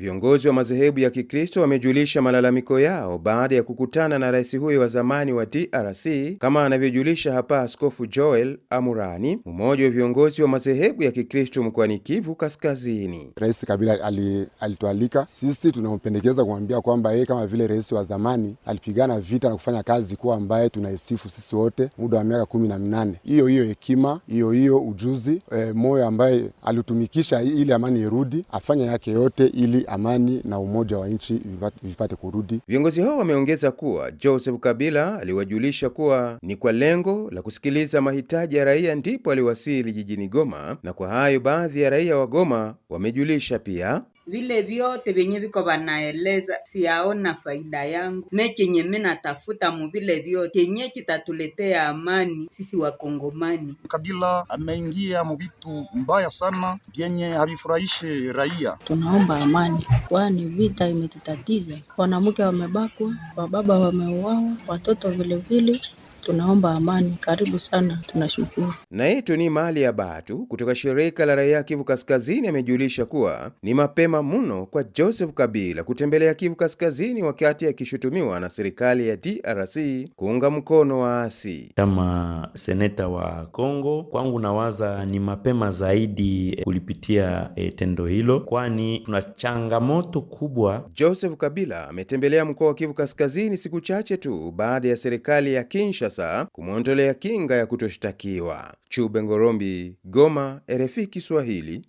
Viongozi wa madhehebu ya Kikristo wamejulisha malalamiko yao baada ya kukutana na rais huyo wa zamani wa DRC, kama anavyojulisha hapa Askofu Joel Amurani, mmoja wa viongozi wa madhehebu ya Kikristo mkoani Kivu Kaskazini. Rais Kabila ali, alitualika sisi, tunampendekeza kumwambia kwamba yeye kama vile rais wa zamani alipigana vita na kufanya kazi kuwa ambaye tunaisifu sisi wote muda wa miaka kumi na minane, hiyo hiyo hekima hiyo hiyo ujuzi e, moyo ambaye alitumikisha ili amani irudi, afanya yake yote ili amani na umoja wa nchi vipate kurudi. Viongozi hao wameongeza kuwa Joseph Kabila aliwajulisha kuwa ni kwa lengo la kusikiliza mahitaji ya raia ndipo aliwasili jijini Goma, na kwa hayo baadhi ya raia wa Goma wamejulisha pia vile vyote vyenye viko vanaeleza, siyaona faida yangu me chenye minatafuta muvile vyote chenye kitatuletea amani sisi Wakongomani. Kabila ameingia muvitu mbaya sana vyenye havifurahishe raia. Tunaomba amani, kwani vita imetutatiza. Wanamke wamebakwa, wababa wameuawa, watoto vilevile vile tunaomba amani. Karibu sana, tunashukuru. Naye ni Mali ya Batu kutoka shirika la raia Kivu Kaskazini amejulisha kuwa ni mapema mno kwa Joseph Kabila kutembelea Kivu Kaskazini wakati akishutumiwa na serikali ya DRC kuunga mkono waasi. Kama seneta wa Kongo, kwangu nawaza ni mapema zaidi eh, kulipitia e, tendo hilo, kwani tuna changamoto kubwa. Joseph Kabila ametembelea mkoa wa Kivu Kaskazini siku chache tu baada ya serikali ya Kinshasa sasa kumwondolea kinga ya kutoshtakiwa. Chube Ngorombi, Goma, RFI Kiswahili.